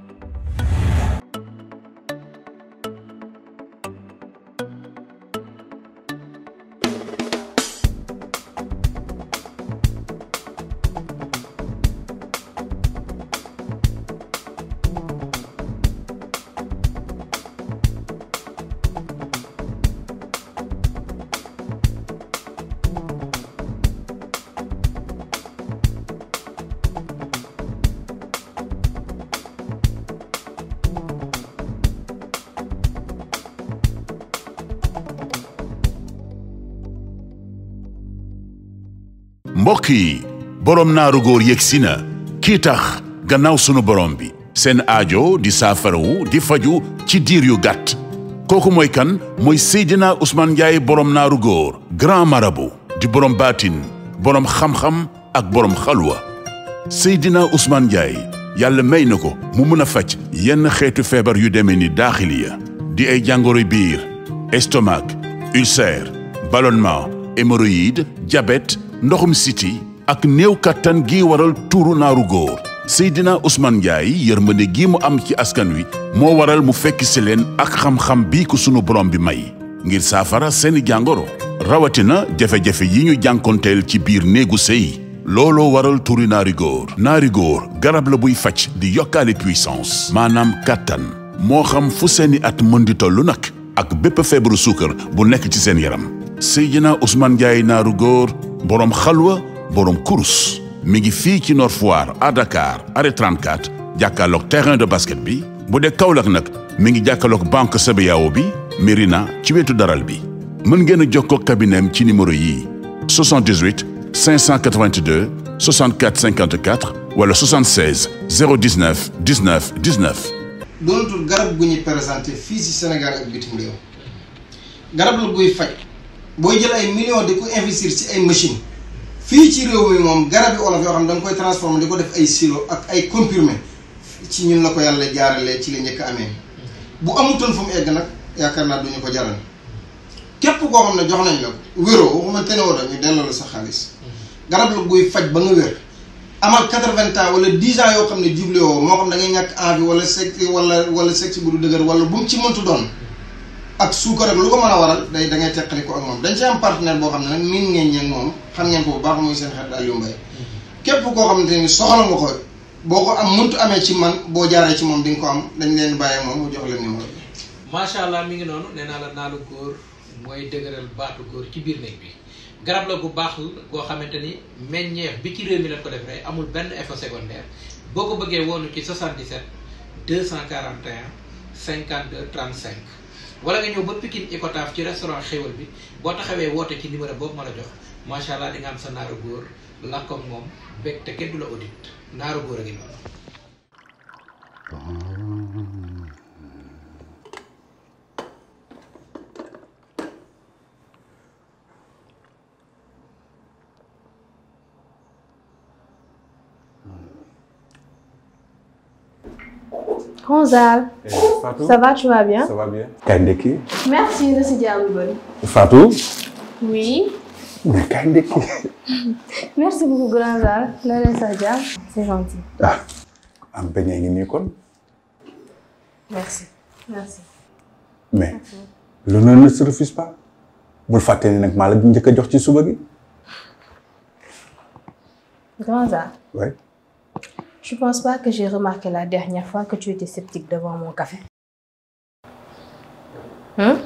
thank you mbokk yi boroom naaru góor si na kii tax gannaaw sunu borom bi seen aajo di saafarawu di faju ci diir yu gàtt kooku mooy kan mooy Seydina usmaan Ndiaye boroom naaru góor grand marabout di boroom baatin boroom xam-xam ak boroom xalwa Seydina usmaan Ndiaye yàlla may na ko mu mën a faj yenn xeetu feebar yu demee ni daaxiliya di ay jàngoro biir estomac ulcère ballonnement hémorroïde diabète ndoxum siti ak néew kattan gi waral tuuru naaru góor dina usman Ndiaye yërmande gi mu am ci askan wi moo waral mu fekk si leen ak xam-xam bii ko sunu borom bi may ngir saafara seeni jàngoro rawatina jafe-jafe yi ñu jànkonteel ci biir néegu sëy looloo waral turi naari góor naari góor garab la buy faj di yokkaale puissance maanaam kàttan moo xam fu seeni at mën di tollu nag ak bépp feebaru suukar bu nekk ci seen yaram Seydina Ousmane Ndiaye naaru góor borom xalwa borom kurus mi ngi fii ci Nord Foire à Dakar arrêt terrain de basket bi bu dee Kaolack nag mi ngi jàkkaarloog banque CBAO bi Mérina ci wetu daral bi mën ngeen a jokkoo kabineem ci numéro yii 78 582 64 54 wala 76 019 19 19. doonatul garab gu ñuy présenté fii si Sénégal ak bitim réew booy jël ay millions di ko investir ci ay machine fii ci réew mi moom garabi olof yoo xam ne da nga koy transformer di ko def ay silo ak ay comprimé ci ñun na ko yàlla jaaralee ci la njëkk amee bu amutoon fu mu egg nag yaakaar naa duñu ko jaral képp koo xam ne jox nañ la wéroo waxuma tenewoo la ñu delloo la sa xaalis garab la guy faj ba nga wér amal quatre-vingts ans wala dix ans yoo xam ne jublewoo moo xam da ngay ñàkk envie wala sexe wala wala sexe bu du wala bu ci mëntu doon ak suukar ak lu ko mën a waral day da ngay teqali ko ak moom dañ ci am partenaire boo xam ne nag miin ngeen ñeeg moom xam ngeen ko bu baax muy seen xarit Aliou Mbaye képp koo xam ne ni soxla nga ko boo ko am muntu amee ci man boo jaaree ci moom di nga ko am dañ leen bàyyee moom moo jox leen numéro bi. macha allah mi ngi noonu nee naa la naalu góor mooy dëgëral baatu góor ci biir néeg bi garab la bu baax koo xamante ni meññeef bi ci réew mi lañ ko defee amul benn effet secondaire boo ko bëggee woonu ci 77 241 52 35. wala nga ñëw ba Pikine Icotaf ci restaurant xéwal bi boo taxawee woote ci numéro boobu ma la jox macha allah di nga am sa naaru góor la moom bég te kenn du naaru góor a ngi noonu. Gonzal. Eh. Fatou ça va tu vas bien. ça merci na si jàmm bëri. Fatou. oui. mais kaay ndekki. merci beaucoup grand Zal loolee sa jàmm c'est gentil. ah am bañ a ngi nii kon. merci merci. mais l'honneur ne se refuse pas bul fàtte ni nag maa la njëkk a jox ci suba gi. grand Zal. oui. Je ne j'ai remarqué la dernière fois que tu étais sceptique devant mon café. Hmm?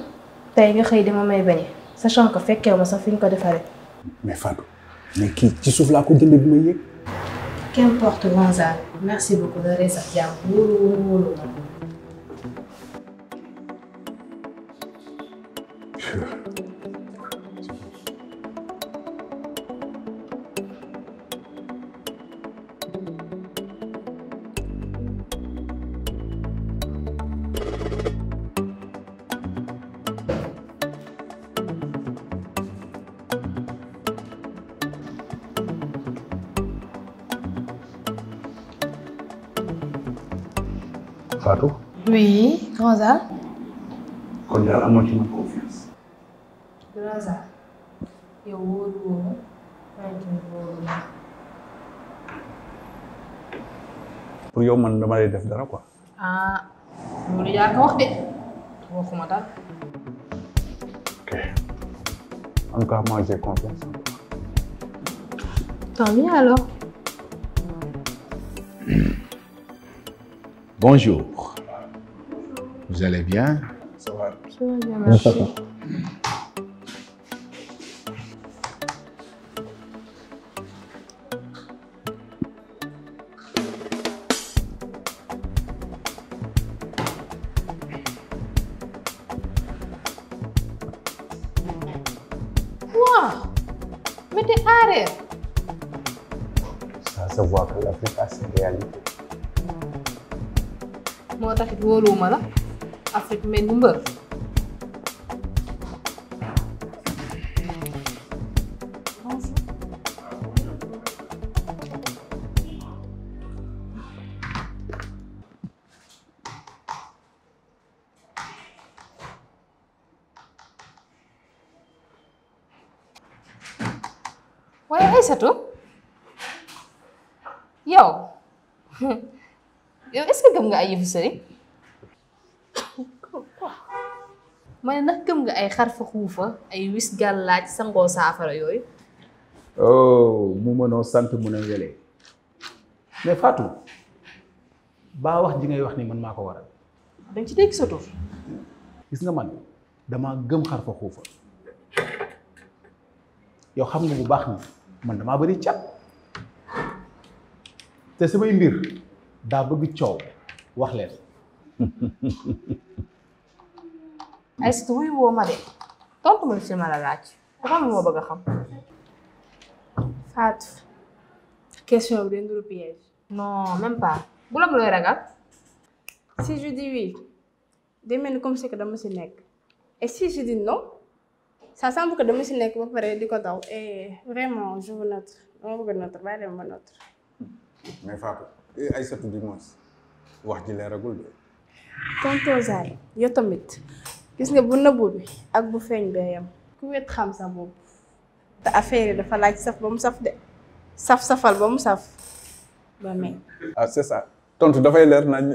tey nga xëy di dama may bañ sachant ko fekkee ma sax fi ñu ko defaree. mais Fatou mais kii ci suuf laa ko jënd bi may yëg. qu'importe Gonzalo merci beaucoup la rey sax jàmm wóolu wóolu wóolu a oui grand Zaa. kon daal amoo ci ma confiance. grand Zaa yow wóoru woo ma wóoru ma. pour yow man dama lay def dara quoi. ah loolu yaa ko wax de waxuma daal. ok en tout cas moi j'ai confiance en toi. tant mieux Bonjour. Vous allez bien? Ça va. Ça va bien, merci. Mais t'es arrière. Ça se voit que l'Afrique a ses réalités. moo taxit wóoluwuma la Afrique mel ni mbër waaye Aysatu yow yow est-ce que gëm nga ay yëfu sëriñ ma ne nag gëm nga ay xarfa xuufa ay wis gàllaaj sangoo saafara yooyu oh mu mënoo sant mu a welee mais Fatou baa wax ji ngay wax ni man maa ko waral dañ ci dégg sa gis nga man damaa gëm xarfa xuufa yow xam nga bu baax na man damaa bari cat te samay mbir daa bëgg coow wax leen. ay si wuy woo ma de tontu ma si ma la laaj dafa am lu bëgg a xam. Fatou. question bi dina piège. non même pas. bu la bu looy ragal. si je dis oui day mel ni comme si que dama si nekk et si je dis non ça semble que dama si nekk ba pare di ko daw et vraiment je veux dama bëgg notre bàyyi leen ba notre. mais Fatou ay satu du wax ji leeragul de. tonton Zale tamit gis nga bu nëbbu bi ak bu feeñ bee yam ku wet xam sa bopp te affaire yi dafa laaj saf ba mu saf de saf safal ba mu saf ba may. ah c'est ça tontu dafay leer nañ.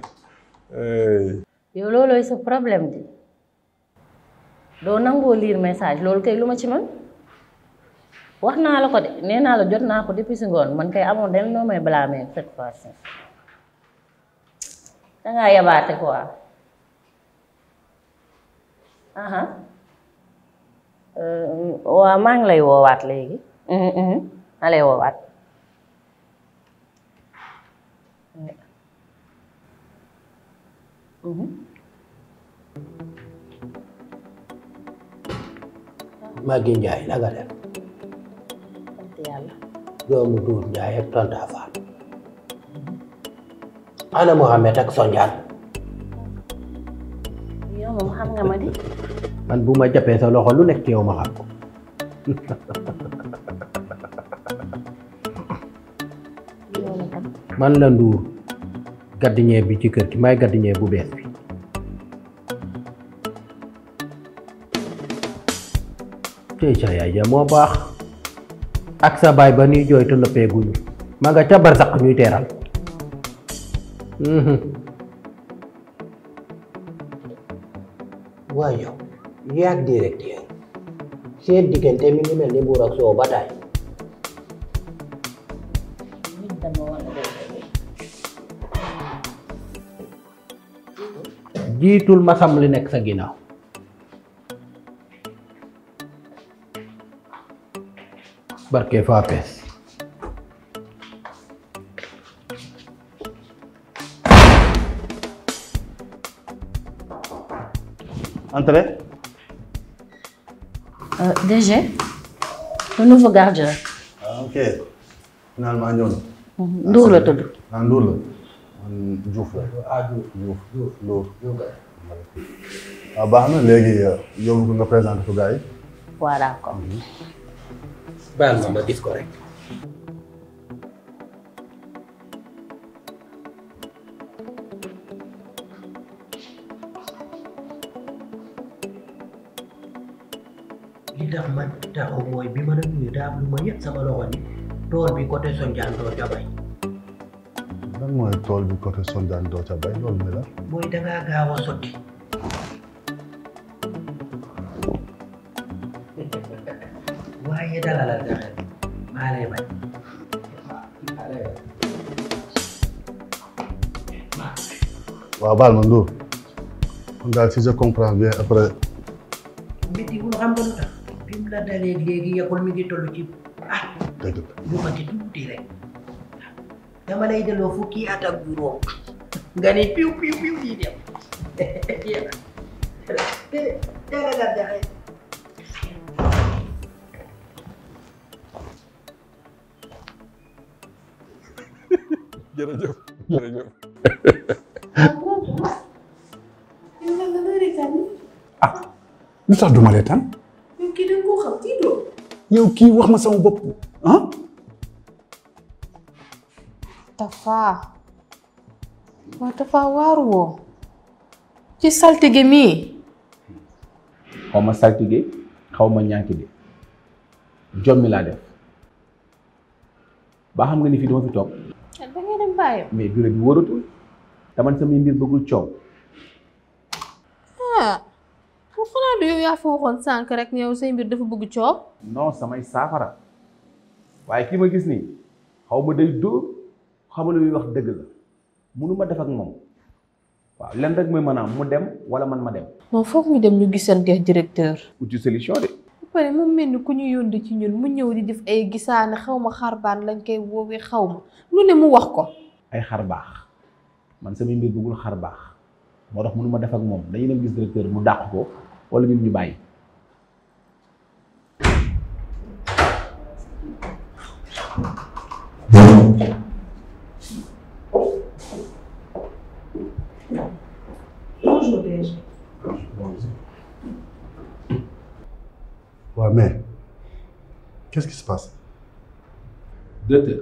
yow loolooy sa problème di doo nangoo lire message loolu kay lu ma ci man wax naa la ko de nee naa la jot naa ko depuis si ngoon man kay amoon dem noo may blâmer cette fois-ci dangaa yabaate quoi aha euh, waaw maa ngi lay woowaat léegi na mhm, mhm. lay woowaat mhm. Maguette Ndiaye naka yàlla. doomu Duur Njaay ak Tonta Faal. ana Mohamed ak Sondiane. yow xam nga ma di. man bu ma jàppee sa loxo lu nekk yow ma xam ko. man la Nduur gardien bi ci kër gi may gardien bu bees bi. tey sa yaay ja moo baax. ak sa baay ba nuy jooy te lëppeeguñu ma nga ca barsaq ñuy teeral mhm. waaye yow seen diggante mi ngi mel ni buur ak soo ba taay jiitul masam li nekk sa ginnaaw barke fa pees entrez euh, DG le nouveau gardien ah ok finalement ñëw na mmh. Ndour la tudd ah Ndour la Diouf la ah Diouf Diouf Ndour waaw ah, baax na léegi euh, yow nga présenté ko gars yi waaw d'accord baal ma ma gis ko rek. li tax bi ma la nuyu daa lu ma yëg sama loxo ni tool bi côté Sondiane doo ca bay. lan mooy tool bi côté Sondiane doo ca bay loolu mooy la. mooy da ngaa gaaw a sotti. त्याला मायला ये waaw baal ma Ndour man daal si je comprends bien après. métti wul xam nga lu tax bi mu la dalee léegi yeggul mi ngi toll ci ah. dëgg la lu ma ci tuuti rek dama lay delloo fukki at ak juróom nga ni piw piw piw di dem. jërëjëf jërëjëf. ah lu tax duma reetaan. yow kii yow kii wax ma sama bopp ah. Tafa waaw woo ci saltige mii. xaw ma saltige xaw ma ñànk bi jommi laa def ba xam nga ni fii dama fi toog. bàyyam mais bureau bi wóoratul taman samay mbir bëggul coow ah bu xanaa du yow yaa fa waxoon sànq rek yow say mbir dafa bëgg coow non samay saafara waaye kii ma gis nii xaw ma day dóor xaw ma lu muy wax dëgg la mënu def ak moom waaw lenn rek mooy maanaam mu dem wala man ma dem moom foog ñu dem ñu gisante directeur uti solution de pare mu mel ni ku ñu yónd ci ñun mu ñëw di def ay gisaane xaw ma xarbaan lañ koy woowee xaw ma lu ne mu wax ko ay xar baax man samay mbir bëggul xar baax moo tax mënu def ak moom dañuy dem gis directeur mu dàq ko wala ñun ñu bàyyi. waaw mais qu'est-ce qui se passe. directeur.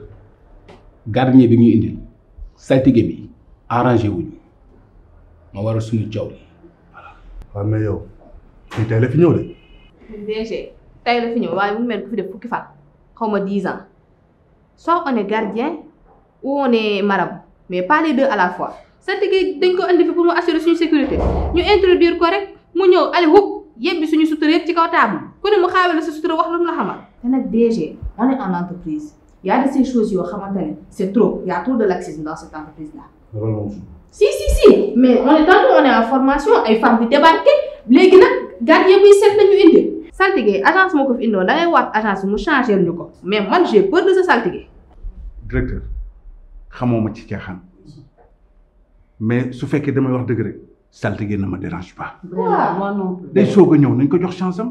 garnier bi ñuy indil. sa saltige bi arrangé wuñu ma waral suñu jaww ji voilà. waaw mais yow fii tey la fi ñëw de. DG tey la fi ñëw waaye mu mel ku fi def fukki fan xaw ma dix ans soit on gardien ou on est mais pas de deux à la fois saltige dañ ko indi fi pour mu assurer suñu sécurité ñu introduire ko rek mu ñëw ali hub yebbi suñu sutura yëpp ci kaw table ku ne mu xaawee la sa sutura wax lu mu la xamal. te nag DG on est en entreprise. y a de ces yoo xamante ne c'est trop y a trop de laxisme dans cette si si si mais on a tantôt on est en formation ay femmes di débarqué léegi nag gardien buy seet la ñu indi. saltige agence moo ko fi indoon da ngay waat agence mu changé ñu ko mais man j'ai peur de ce saltige. directeur xamoo ma ci caaxaan mais su fekkee damay wax dëgg rek saltige na ma dérange pas. waaw day soo a ñëw nañ ko jox chance am.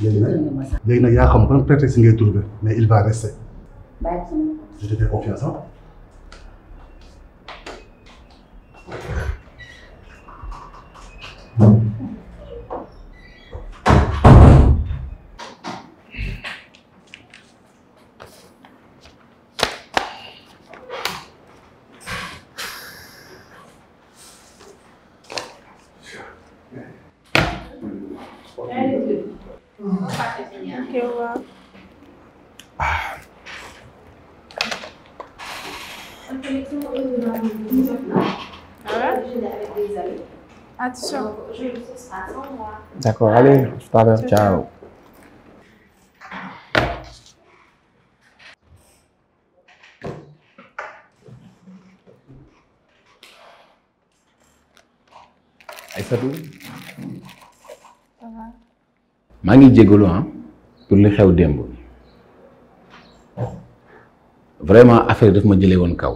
léegi nag léegi nag yaa xam ban prétexte ngay trouver mais il va rester. je te fais confiance ah. Attention. D'accord, allez, tout maa ngi jégalu ah pour li xew démb. vraiment affaire daf ma jëlee woon kaw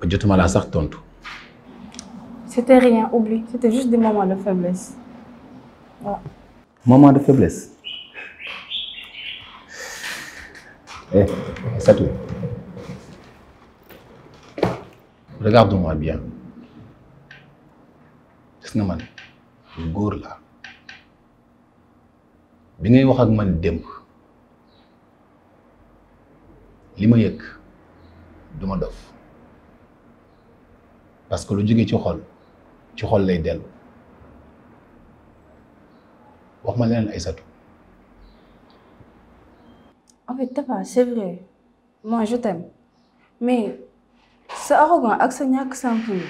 ba jotuma laa sax tontu. c'était rien oublie c'était juste des moments de faiblesse voilà. de faiblesse. eh Satou regarde-moi bien gis nga man góor la bi ngay wax ak man démb li ma yëg du ma dof parce que lu jóge ci xol. ci xol lay dellu wax ma leneen Aïssatou en fait Tapha c'est vrai moi je t'aime mais sa arrogant ak sa ñàkk simple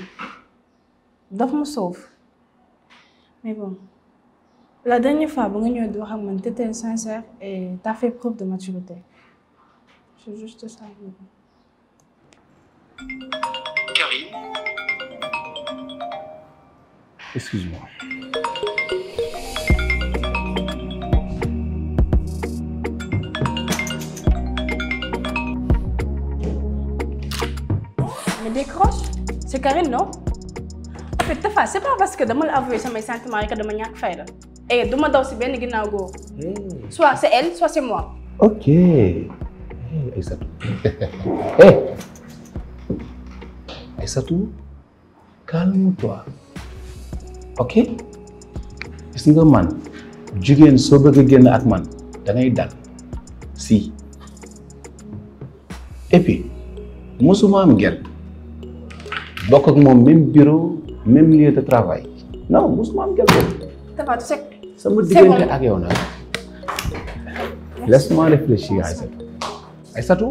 daf ma soof mais bon la dernière fois ba nga ñëw di wax ak man t'étais sincère et t'as fait preuve de maturité c'est juste ça. Karim. Excuse-moi. Mais décroche, c'est Karine, non En fait, Tafa, c'est pas parce que dama la avouer samay sentiments rek que dama ñàkk fayda. et eh, duma daw si benn ginnaaw góor. Hmm. soit c'est elle, soit c'est moi. ok. Eh, Aïssatou. Eh. Aïssatou, calme-toi. ok gis nga man jigéen soo bëgg a génn ak man da dal si et puis am gel bokk ak moom même bureau même lieu de travail non mosuma am gel boobu. Tapha tu sais. sama diggante ak yow nag laisse-moi réfléchir Aïssatou Aïssatou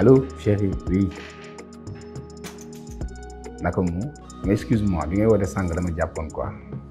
allo chérie oui naka mu mais excuse moi bi ngay woote sànq dama jàppoon quoi.